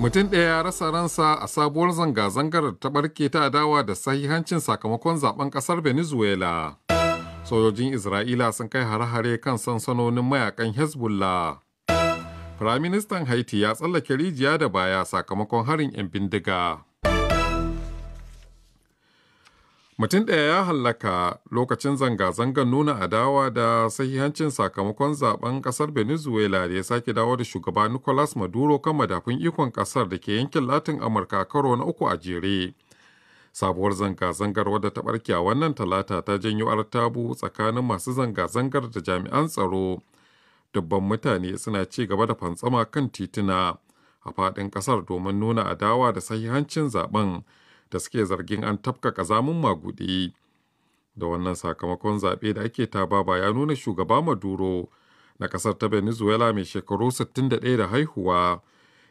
Mutum ɗaya ya rasa ransa a sabuwar zanga-zangar ta barke ta adawa da sahihancin sakamakon zaben ƙasar Venezuela. Sojojin Isra'ila sun kai hare-hare kan sansanonin mayakan Hezbollah. Firaministan Haiti ya tsallake rijiya da baya sakamakon harin 'yan bindiga. Mutum ɗaya ya hallaka lokacin zanga-zangar nuna adawa da sahihancin sakamakon zaben ƙasar Venezuela da ya sake dawo da shugaba Nicolas Maduro kan madafin ikon ƙasar da ke yankin Latin Amurka karo na uku a jere. Sabuwar zanga-zangar wadda ta ɓarke a wannan talata ta janyo artabu tsakanin masu zanga-zangar da jami'an tsaro. Dubban mutane suna ci gaba da fantsama kan tituna a faɗin ƙasar domin nuna adawa da sahihancin zaben. da suke zargin an tafka kazamin magudi Da wannan sakamakon zaɓe da ake tababa ya nuna shugaba Maduro na ƙasar ta Venezuela mai shekaru 61 da haihuwa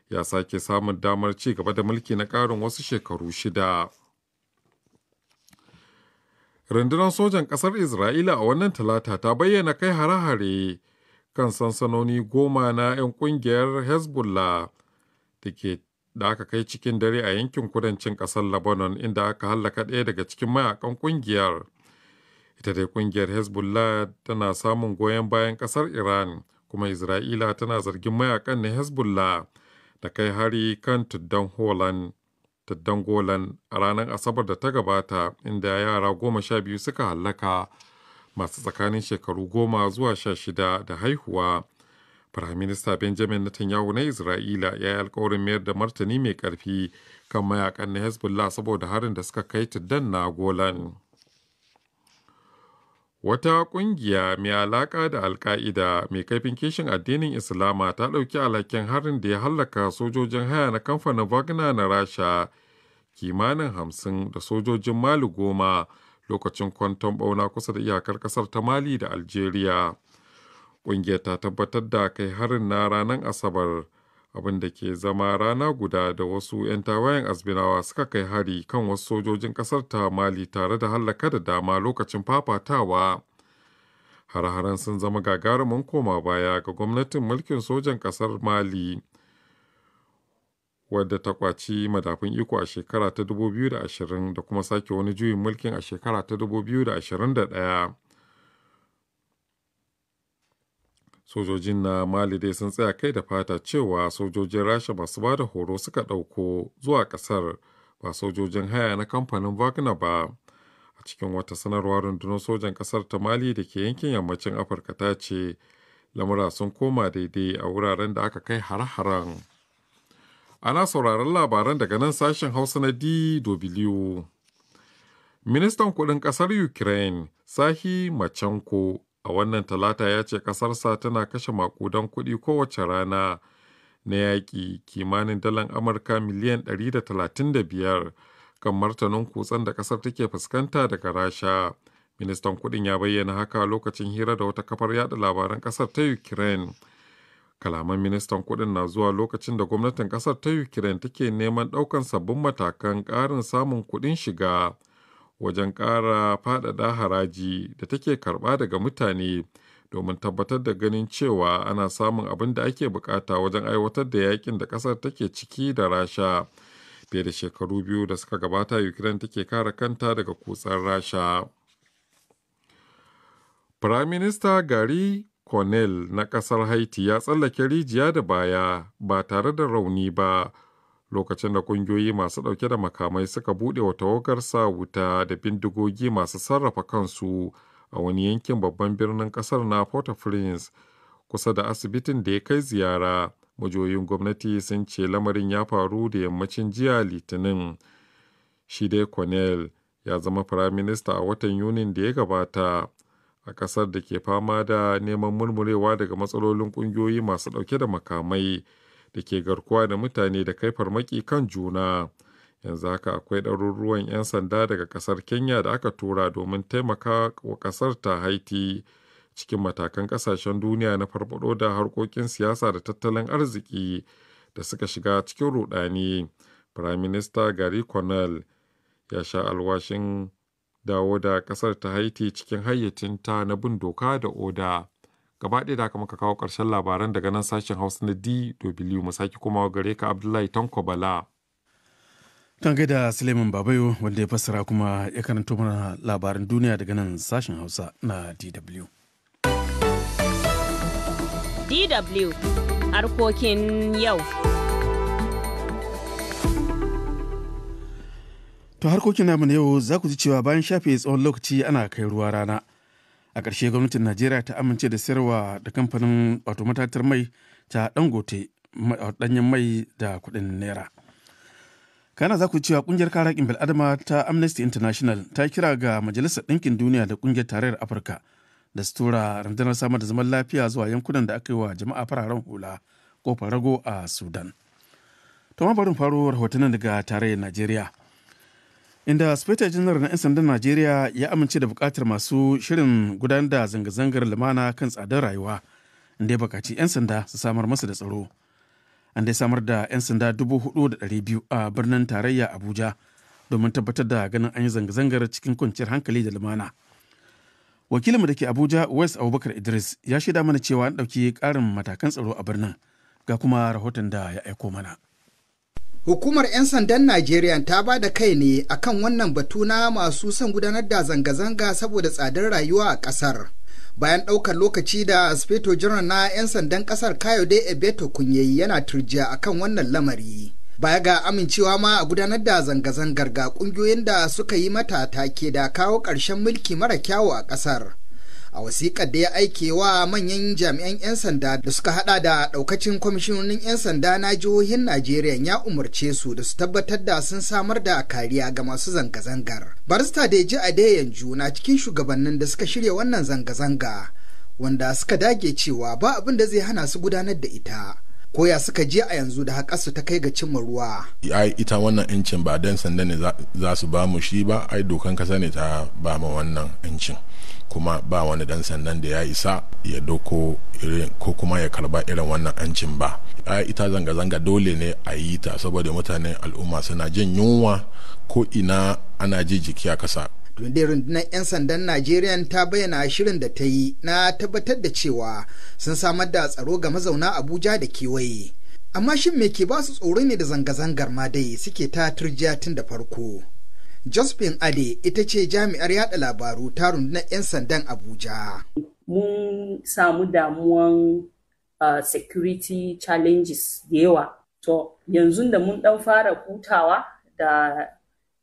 ya sake samun damar ci gaba da mulki na ƙarin wasu shekaru shida. rundunar sojan ƙasar isra'ila a wannan talata ta bayyana kai hare-hare kan sansanoni goma na 'yan ƙungiyar hezbollah da ke da aka kai cikin dare a yankin kudancin kasar Lebanon inda aka hallaka ɗaya daga cikin mayakan ƙungiyar. Ita dai ƙungiyar Hezbollah tana samun goyon bayan ƙasar Iran kuma Isra'ila tana zargin mayakan na Hezbollah da kai hari kan tuddan Holland. Tuddan Golan a ranar Asabar da ta gabata inda yara goma sha biyu suka hallaka masu tsakanin shekaru goma zuwa sha shida da haihuwa Firaminista Benjamin Netanyahu na Isra'ila ya yi alkawarin mayar da martani mai ƙarfi kan mayakan na Hezbollah saboda harin da suka kai tuddan na Golan. Wata ƙungiya mai alaƙa da Alƙa'ida mai kaifin kishin addinin Islama ta ɗauki alhakin harin da ya hallaka sojojin haya na kamfanin Wagner na Rasha kimanin hamsin da sojojin Mali goma lokacin kwanton bauna kusa da iyakar ƙasar ta Mali da Algeria. Ƙungiyar ta tabbatar da kai harin na ranar Asabar, abin da ke zama rana guda da wasu 'yan tawayen Asbinawa suka kai hari kan wasu sojojin ƙasar ta Mali tare da hallaka da dama lokacin fafatawa. Har-haren sun zama gagarumin koma baya ga gwamnatin mulkin sojan ƙasar Mali. wadda ta kwaci madafin iko a shekara ta 2020 da kuma sake wani juyin mulkin a shekara ta 2021 sojojin na mali dai sun tsaya kai da fata cewa sojojin rasha masu ba da horo suka ɗauko zuwa ƙasar ba sojojin haya na kamfanin wagner ba a cikin wata sanarwar rundunar sojan ƙasar ta mali da ke yankin yammacin afirka ta ce lamura sun koma daidai a wuraren da aka kai har haran. ana sauraron labaran daga nan sashen hausa na dw ministan Kuɗin ƙasar ukraine sahi machenko a wannan talata ya ce ƙasarsa tana kashe makudan kuɗi kowace rana na yaƙi kimanin dalan amurka miliyan 135 kan martanin kutsen da ƙasar take fuskanta daga rasha ministan kuɗin ya bayyana haka lokacin hira da wata kafar yada labaran ƙasar ta ukraine kalaman ministan kuɗin na zuwa lokacin da gwamnatin ƙasar ta ukraine take neman ɗaukan sabbin matakan ƙarin samun kuɗin shiga wajen ƙara faɗaɗa haraji da take karɓa daga mutane domin tabbatar da ganin cewa ana samun abin da ake bukata wajen aiwatar da yakin da ƙasar take ciki da rasha fiye da shekaru biyu da suka gabata ukraine take kare kanta daga kutsar rasha firaminista gari cornell na ƙasar haiti ya tsallake rijiya da baya ba tare da rauni ba lokacin da kungiyoyi masu ɗauke da makamai suka buɗe wa tawagar sa wuta da bindigogi masu sarrafa kansu a wani yankin babban birnin ƙasar na port prince kusa da asibitin da ya kai ziyara majoyin gwamnati sun ce lamarin ya faru da yammacin jiya litinin shi cornell ya zama firaminista a watan yunin da ya gabata a ƙasar da ke fama da neman murmurewa daga matsalolin ƙungiyoyi masu ɗauke da makamai da ke garkuwa da mutane da kai farmaki kan juna. Yanzu haka akwai ɗaruruwan 'yan sanda daga ƙasar Kenya da aka tura domin taimaka wa ƙasar ta Haiti cikin matakan ƙasashen duniya na farfado da harkokin siyasa da tattalin arziki da suka shiga cikin rudani Prime Minister Gary Connell ya sha alwashin dawo da ƙasar ta Haiti cikin hayyacinta na bin doka da oda. gaba ɗaya da aka kawo ƙarshen labaran daga nan sashen hausa na dw mu sake komawa gare ka abdullahi tanko bala kan gaida suleiman babayo wanda ya fassara kuma ya karanta mana labaran duniya daga nan sashen hausa na dw dw harkokin yau to harkokin namu na yau za ku ji cewa bayan shafe tsawon lokaci ana kai ruwa rana a ƙarshe gwamnatin najeriya ta amince da sayarwa da kamfanin wato matatar mai ta dangote danyen mai da kuɗin naira kana za ku cewa kungiyar kare haƙƙin bil'adama ta amnesty international ta kira ga majalisar ɗinkin duniya da kungiyar tarayyar afirka da su tura rundunar samar da zaman lafiya zuwa yankunan da aka yi wa jama'a fararen hula kofar rago a sudan to ma barin faro rahotannin daga tarayyar najeriya inda speta janar na 'yan sandan najeriya ya amince da bukatar masu shirin gudanar da zanga-zangar lumana kan tsadar rayuwa inda ya bukaci 'yan sanda su samar masa da tsaro an dai samar da 'yan sanda dubu hudu da biyu a birnin tarayya abuja domin tabbatar da ganin an yi zanga-zangar cikin kwanciyar hankali da lumana wakilinmu da ke abuja wes abubakar idris ya shaida mana cewa an ɗauki ƙarin matakan tsaro a birnin ga kuma rahoton da ya aiko mana Hukumar 'yan sandan Najeriya ta ba da kai ne akan wannan batu na masu son gudanar da zanga-zanga saboda tsadar rayuwa a ƙasar. Bayan ɗaukar lokaci da Aspeto jiran na 'yan sandan ƙasar Kayode Ebeto Kunyeyi yana turjiya akan wannan lamari. Baya ga amincewa ma a gudanar da zanga-zangar ga ƙungiyoyin da suka yi mata take da kawo ƙarshen mulki mara kyawu a ƙasar. a wasiƙar da ya aike wa manyan jami'an 'yan sanda da suka hada da ɗaukacin kwamishinonin 'yan sanda na jihohin najeriya ya umarce su da su tabbatar da sun samar da kariya ga masu zanga-zangar barista da ji a yanzu na cikin shugabannin da suka shirya wannan zanga-zanga wanda suka dage cewa ba abin da zai hana su gudanar da ita koya suka je a yanzu da haƙarsu ta kai ga cimma ruwa. ai ita wannan yancin ba dan sanda ne za su ba mu shi ba ai dokan kasa ne ta ba mu wannan yancin kuma ba wani dan sandan da ya isa ya doko irin ko kuma ya karba irin wannan yancin ba ai ita zanga-zanga dole ne a yi ta saboda mutanen al'umma suna jin yunwa ko ina ana ji jiki a kasa dai rundunar 'yan sandan najeriya ta bayyana shirin da ta yi na tabbatar da cewa sun samar da tsaro ga mazauna abuja da kewaye amma shin me ke ba su tsoro ne da zanga-zangar ma dai suke ta turjiya tun da farko jospin ade ita ce jami'ar yada labaru ta rundunar 'yan sandan abuja mun samu damuwan uh, security challenges da yawa to yanzu da mun ɗan fara hutawa da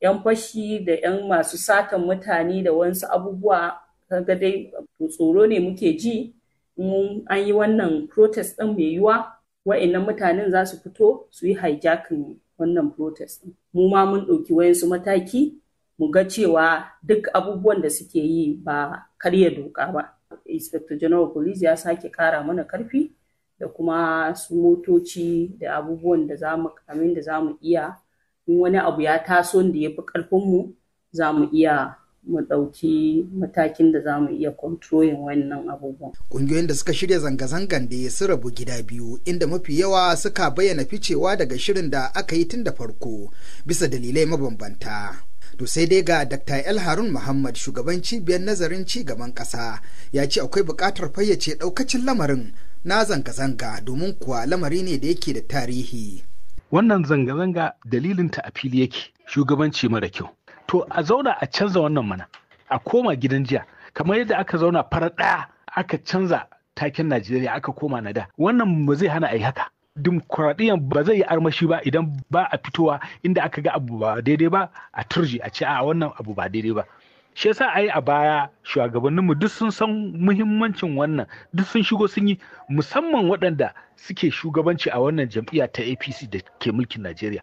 'yan fashi da 'yan masu satan mutane da wasu abubuwa kaga dai tsoro ne muke ji in an yi wannan protest ɗin mai yiwa wa'annan mutanen za su fito su yi hijacking wannan protest mu ma mun ɗauki wayansu mataki mu ga cewa duk abubuwan da suke yi ba karya doka ba inspector general police ya sake kara mana karfi da kuma su motoci da abubuwan da za mu da za mu iya in wani abu ya taso da ya fi ƙarfinmu za mu iya mu ɗauki matakin da za mu iya kontrolin wannan abubuwan. Ƙungiyoyin da suka shirya zanga-zangan da su rabu gida biyu inda mafi yawa suka bayyana ficewa daga shirin da aka yi tun da farko bisa dalilai mabambanta. To sai dai ga Dr. El Harun Muhammad shugaban cibiyar nazarin ci gaban ƙasa ya ce akwai buƙatar fayyace ɗaukacin lamarin na zanga-zanga domin kuwa lamari ne da yake da tarihi. wannan zanga-zanga dalilinta a fili yake shugabanci mara kyau to a zauna a canza wannan mana a koma gidan jiya kamar yadda aka zauna fara ɗaya aka canza taken najeriya aka koma na da wannan ba zai hana a yi haka dimokuraɗiyyar ba zai yi armashi ba idan ba a fitowa inda aka ga abu ba daidai ba a turji a ce a wannan abu ba daidai ba shi yasa ai a baya shugabanninmu duk sun san muhimmancin wannan duk sun shigo sun yi musamman waɗanda suke shugabanci a wannan jam'iyya ta apc da ke mulkin najeriya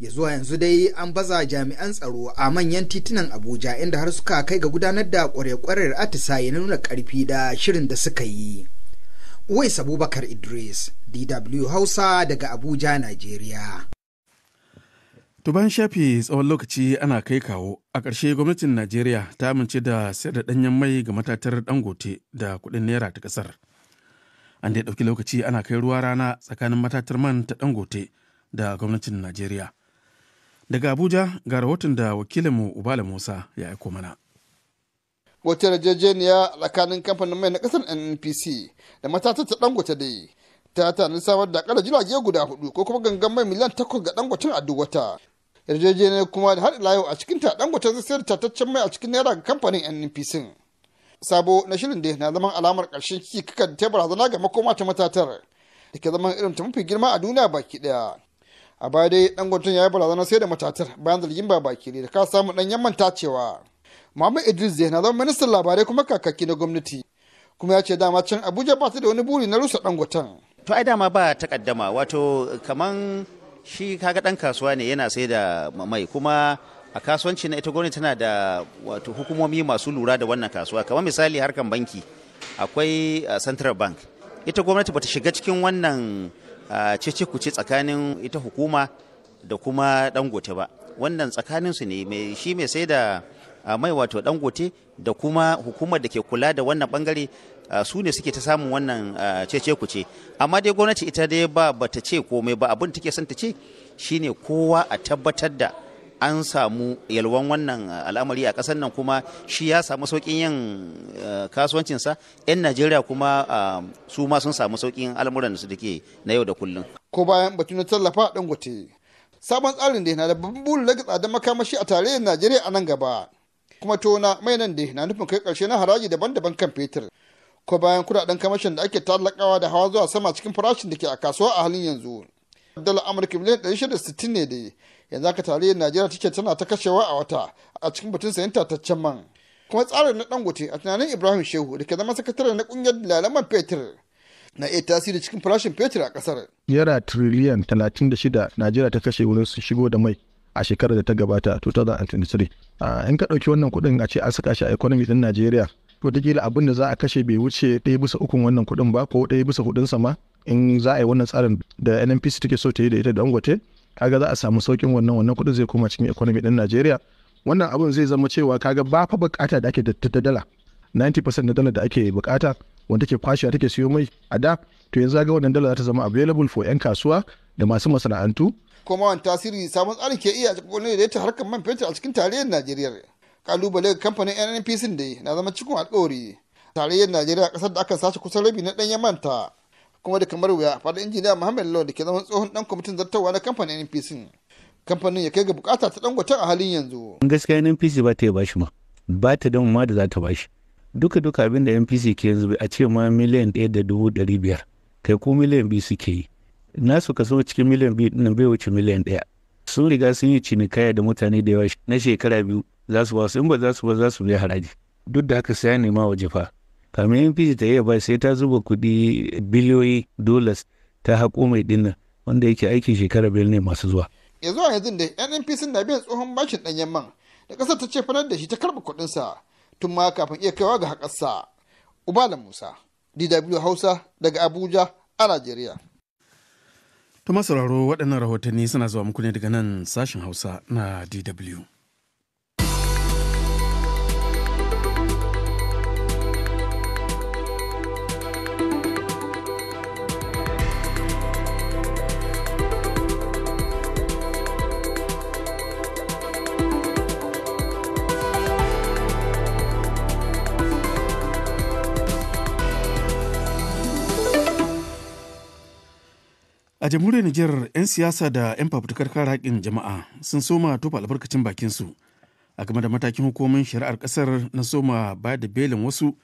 ya zuwa yanzu dai an baza jami'an tsaro a manyan titunan abuja inda har suka kai ga gudanar da kwarekwarar atisaye na nuna karfi da shirin da suka yi uwais abubakar idris dw hausa daga abuja Nigeria. tuban shafi tsawon lokaci ana kai kawo, a ƙarshe gwamnatin Najeriya ta amince da sayar da ɗanyen mai ga matatar Dangote da kuɗin Naira ta ƙasar. An da ɗauki lokaci ana kai ruwa rana tsakanin matatar man ta Dangote da gwamnatin Najeriya. Daga Abuja ga rahoton da wakilinmu Ubala Musa ya aiko mana. Wata yarjejeniya tsakanin kamfanin mai na ƙasar NNPC da matatar ta Dangote dai ta tanadi samar da akalla jirage guda hudu ko kuma gangan mai miliyan takwas ga dangote a duk wata yarjejeniyar kuma har ila yau a cikin ta dangote zai sayar tataccen mai a cikin naira ga kamfanin nnpc sabo na shirin da na zaman alamar ƙarshen da ta barazana ga makoma ta matatar da ke zaman irin ta mafi girma a duniya baki daya a baya dai dangoton ya yi barazana sai da matatar bayan zargin ba baki da ka samu dan yamman tacewa Muhammad Idris zai na zama ministan labarai kuma kakaki na gwamnati kuma ya ce dama can Abuja ba ta da wani buri na rusa dangoton. To ai dama ba takaddama wato kaman shi kaga ɗan kasuwa ne yana sai da mai kuma a kasuwanci na ita gwamnati tana da wato hukumomi masu lura da wannan kasuwa kamar misali harkan banki akwai central bank ita gwamnati bata shiga cikin wannan cece kuce tsakanin ita hukuma da kuma dangote ba wannan tsakaninsu ne shi mai sai da A mai wato dangote da kuma hukumar da ke kula da wannan bangare su ne suke ta samun wannan cece kuce amma dai gwamnati ita dai ba bata ce komai ba abin take son ta ce shine kowa a tabbatar da an samu yalwan wannan al'amari a ƙasar nan kuma shi ya samu sauƙin yin kasuwancinsa 'yan najeriya kuma su ma sun samu sauƙin al'amuran da su dake na yau da kullum ko bayan batu na tallafa dangote sabon tsarin da yana da babban burin rage tsadar makamashi a tarayyar najeriya a nan gaba kuma tona mai nan dai na nufin kai karshe na haraji daban-daban kan fetur ko bayan kudaden kamashin da ake tallakawa da hawa zuwa sama cikin farashin da ke a kasuwa a halin yanzu dala amurka miliyan 160 ne dai yanzu aka tare najeriya take tana ta kashewa a wata a cikin batun sayan tataccen man kuma tsarin na dangote a tunanin ibrahim shehu da ke zama sakatare na kungiyar lalaman fetur na iya tasiri cikin farashin fetur a kasar. Yara tiriliyan 36 Najeriya ta kashe wurin su shigo da mai a shekarar da ta gabata 2023 ah, in ka ɗauki wannan kuɗin a ce an saka shi a economy ɗin Najeriya to kila abin da za a kashe bai wuce ɗaya bisa ukun wannan kuɗin ba ko ɗaya bisa kuɗin ma. in za a yi wannan tsarin da NNPC take so ta yi da ita da Dangote kaga za a samu saukin wannan wannan kuɗin zai koma cikin economy ɗin Najeriya wannan abun zai zama cewa kaga ba fa bukata da ake da dala 90% na dala da ake bukata wanda take kwashewa take siyo mai a da to yanzu ga wannan dala za ta zama available for 'yan kasuwa da masu masana'antu kuma wani tasiri sabon tsarin ke iya cikin da ta harkar man fetur a cikin tarayyar najeriya kalubale kamfanin nnpc da na zama cikin alkawari tarayyar najeriya kasar da aka sace kusan rabi na ɗanyen manta kuma da kamar wuya fadar injiniya muhammad law da ke zaman tsohon ɗan kwamitin zartarwa na kamfanin nnpc kamfanin ya kai ga bukata ta dangoton a halin yanzu. gaskiya NNPC ba ta yi bashi ma ba ta da ma da za ta bashi duka duka abin da npc ke yanzu a ce ma miliyan ɗaya da dubu ɗari biyar kai ko miliyan biyu suke yi na nasu kaso cikin miliyan biyu dina bai wuce miliyan ɗaya sun riga sun yi cinikaya da mutane da yawa na shekara biyu za su ba in ba za su ba za su biya haraji duk da haka sai ya nema waje fa kamin NPC ta iya ba sai ta zuba kuɗi biliyoyi dolas ta haƙo mai dinnan wanda yake aikin shekara biyar ne masu zuwa. ya zuwa yanzu da NNPC na biyan tsohon bashin ɗanyen man da ƙasar ta ce fanar da shi ta karɓa kuɗinsa tun ma kafin iya kaiwa ga haƙarsa. Ubala Musa, DW Hausa daga Abuja a Najeriya. To masauraro waɗannan rahotanni suna zuwa muku ne daga nan sashen Hausa na DW. A jamhuriyar Nijar 'yan siyasa da 'yan fafutukar kare haƙƙin jama'a sun soma tofa albarkacin bakin su a game da matakin hukumomin shari'ar ƙasar na soma baya da belin wasu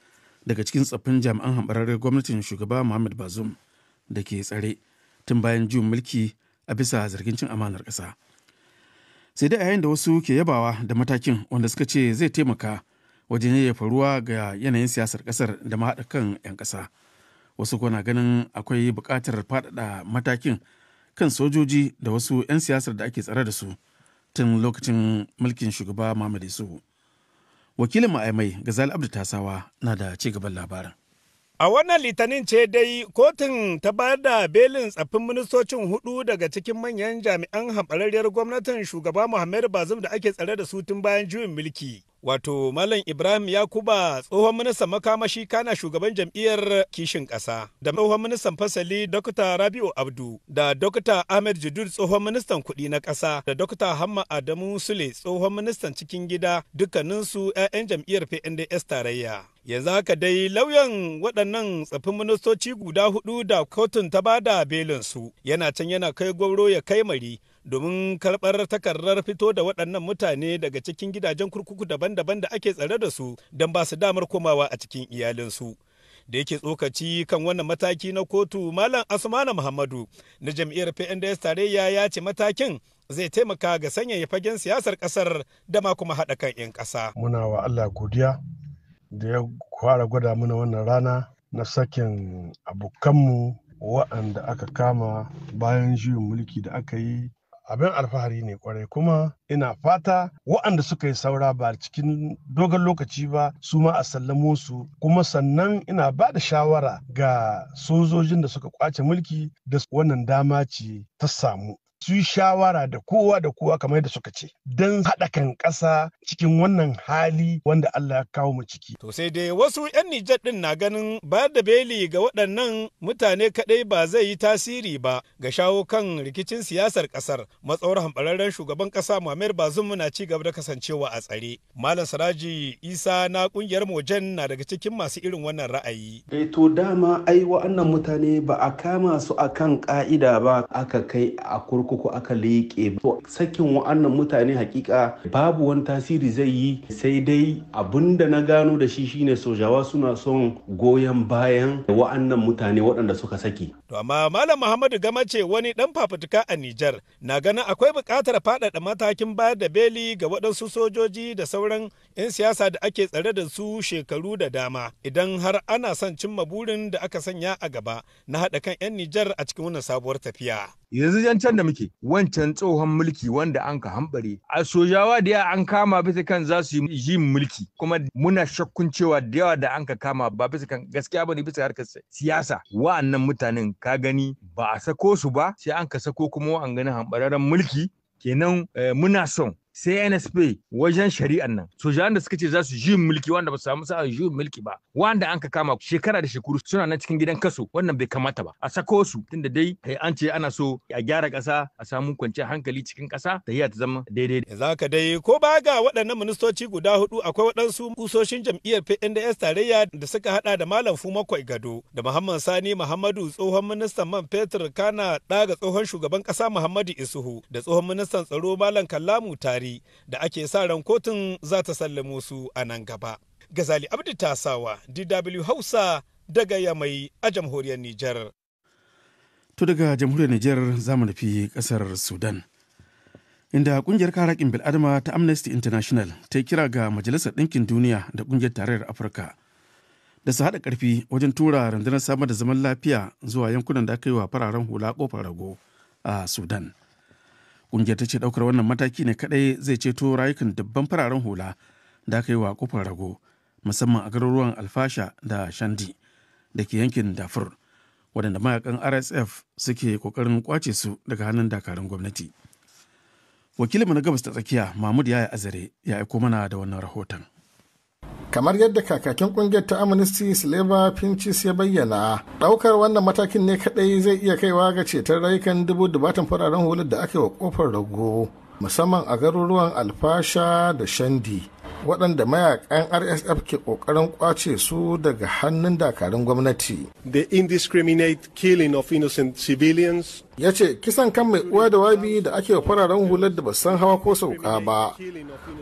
daga cikin tsaffin jami'an hambararren gwamnatin shugaba Muhammad bazum da ke tsare tun bayan juyin mulki a bisa zargin cin amanar ƙasa. Sai dai a yayin da wasu ke yabawa da matakin wanda suka ce zai taimaka wajen yayyafa faruwa ga yanayin siyasar ƙasar da mahaɗa kan 'yan ƙasa. wasu kuna ganin akwai buƙatar faɗaɗa matakin kan sojoji da wasu 'yan siyasar da ake tsare da su tun lokacin mulkin shugaba mamadi su Wakilin ma'aimai Gazali Abdu Tasawa na da ci gaban labarin. A wannan litinin ce dai kotun ta ba da belin tsaffin ministocin hudu daga cikin manyan jami'an haɓararriyar gwamnatin shugaba Muhammadu Bazum da ake tsare da su tun bayan juyin mulki. Wato Malam Ibrahim Yakuba tsohon ministan makamashi kana shugaban jam'iyyar kishin ƙasa da tsohon ministan fasali Dokta Rabi'u Abdu da Dokta Ahmed Jidud tsohon ministan kuɗi na ƙasa da Dokta Hamma Adamu Sule tsohon ministan cikin gida dukkaninsu 'ya'yan jam'iyyar PNDS tarayya. yanzu haka dai lauyan waɗannan tsafin ministoci guda hudu da kotun ta ba da belinsu yana can yana kai gwauro ya kai mari domin karɓar takardar fito da waɗannan mutane daga cikin gidajen kurkuku daban-daban da ake tsare da su don ba su damar komawa a cikin iyalinsu. da yake tsokaci kan wannan mataki na kotu malam asmana muhammadu na jam'iyyar pnds tarayya ya ce matakin zai taimaka ga sanyaya fagen siyasar ƙasar da ma kuma haɗa kan 'yan ƙasa. muna wa allah godiya da ya fara gwada mana wannan rana na sakin abokanmu wa'anda aka kama bayan juyin mulki da aka yi abin alfahari ne kwarai kuma ina fata wa'anda suka yi saura ba cikin dogon lokaci ba su ma a sallamo su kuma sannan ina ba da shawara ga sojojin da suka kwace mulki da wannan dama ce ta samu su yi shawara da kowa da kowa kamar yadda suka ce don haɗa kan ƙasa cikin wannan hali wanda Allah ya kawo mu ciki. To sai dai wasu 'yan Nijar ɗin na ganin bayar da beli ga waɗannan mutane kaɗai ba zai yi tasiri ba ga shawo kan rikicin siyasar ƙasar matsawar hambararren shugaban ƙasa Muhammad Bazum na ci gaba da kasancewa a tsare. Malam Saraji Isa na ƙungiyar Mojan na daga cikin masu irin wannan ra'ayi. Eh to dama ai wa'annan mutane ba a kama su akan ƙa'ida ba aka kai a kurkuku kurkuku aka leƙe to sakin wa'annan mutane hakika babu wani tasiri zai yi sai dai abin da na gano da shi shine sojawa suna son goyon bayan wa'annan mutane waɗanda suka saki to amma malam muhammadu ce wani dan fafutuka a Nijar na ganin akwai bukatar faɗaɗa matakin bayar da beli ga waɗansu sojoji da sauran 'yan siyasa da ake tsare da su shekaru da dama idan har ana son cimma burin da aka sanya a gaba na haɗa kan 'yan Nijar a cikin wannan sabuwar tafiya. yanzu can da muke wancan tsohon mulki wanda an ka hambare a sojawa da an kama bisa kan za su yi mulki kuma muna shakkun cewa da yawa da an ka kama ba bisa kan gaskiya bane bisa harkar siyasa wa'annan mutanen ka gani ba a sako su ba sai an ka sako kuma wa'an ganin hambararren mulki kenan eh, muna son sai NSP wajen shari'an nan sojan da suka ce za su ji mulki wanda ba su samu sa'a ji mulki ba wanda an ka kama shekara da shekaru suna nan cikin gidan kaso wannan bai kamata ba a sako su tunda dai eh, an ce ana so a gyara ƙasa a samu kwanciyar hankali cikin ƙasa da iya ta zama daidai za ka dai ko ba ga waɗannan ministoci guda hudu akwai waɗansu kusoshin jam'iyyar PNDS tarayya da suka haɗa da Malam Fumakwai Gado da Muhammad Sani Muhammadu tsohon ministan man fetur kana ɗaga tsohon shugaban ƙasa Muhammadu Isuhu da tsohon ministan tsaro Malam Kallamu Tare Buhari da ake sa ran kotun za ta sallamo su a nan gaba. Gazali Abdu Tasawa, DW Hausa daga Yamai a jamhuriyar Nijar. To daga jamhuriyar Nijar za mu nufi kasar Sudan. Inda ƙungiyar karakin bil'adama ta Amnesty International ta yi kira ga Majalisar Ɗinkin Duniya da ƙungiyar tarayyar Afirka da su haɗa ƙarfi wajen tura rundunar samar da zaman lafiya zuwa yankunan da aka yi wa fararen hula ƙofar rago a Sudan. Ƙungiyar ta ce ɗaukar wannan mataki ne kaɗai zai ceto rayukan dubban fararen hula da aka yi wa kofar rago musamman a garuruwan alfasha da shandi da ke yankin dafur waɗanda mayakan rsf suke ƙoƙarin kwace su daga hannun dakarun gwamnati wakilinmu na gabas ta tsakiya mahmud yaya azare ya aiko mana da wannan rahoton kamar yadda kakakin kungiyar ta amnesty sleva pinches ya bayyana daukar wannan matakin ne kadai zai iya kaiwa ga ceton rayukan dubu dubatan fararen hulun da aka yi wa kofar rago musamman a garuruwan alfasha da shandi waɗanda mayakan rsf ke ƙoƙarin ƙwace su daga hannun dakarun gwamnati the indiscriminate killing of innocent civilians ya ce kisan kan mai uwa da wabi da ake fararen hular da basan hawa ko sauka ba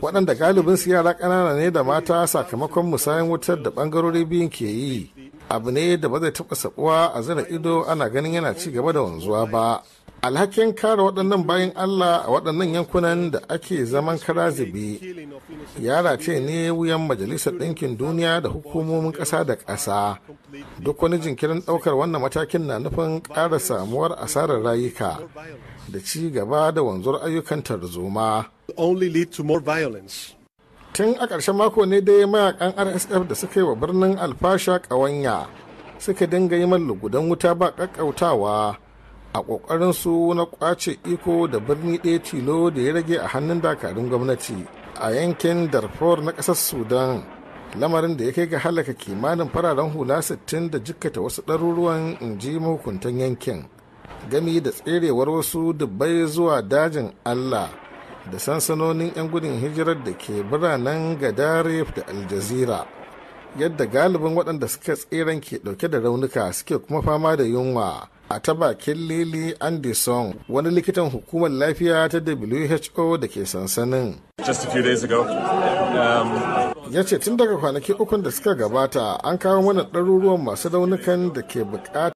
waɗanda galibin su yara ƙanana ne da mata sakamakon musayan wutar da ɓangarori biyun ke yi abu ne da ba zai taɓa saɓuwa a zira ido ana ganin yana ci gaba da wanzuwa ba alhakin kare waɗannan bayan allah a waɗannan yankunan da ake zaman kara zube yara ce ne wuyan majalisar ɗinkin duniya da hukumomin ƙasa da ƙasa duk wani jinkirin ɗaukar wannan matakin na nufin ƙara samuwar asarar rayuka da ci gaba da wanzuwar ayyukan tarzoma tun a ƙarshen mako ne dai mayakan rsf da suka yi wa birnin alfasha ƙawanya suka dinga yi lugudan wuta ba ƙaƙƙautawa a ƙoƙarin su na ƙwace iko da birni ɗaya tilo da ya rage a hannun dakarun gwamnati a yankin darfur na ƙasar sudan lamarin da ya kai ga halaka kimanin fararen hula 60 da jikkata wasu ɗaruruwan inji mahukuntan yankin gami da tserewar wasu dubbai zuwa dajin allah da sansanonin 'yan gudun hijirar da ke biranen gadaref da aljazira yadda galibin waɗanda suka tseren ke ɗauke da raunuka suke kuma fama da yunwa a ta bakin lili anderson wani likitan hukumar lafiya ta who da ke sansanin um, ya ce tun daga kwanaki ukun da suka gabata an kawo mana ɗaruruwan masu daunukan da ke bukata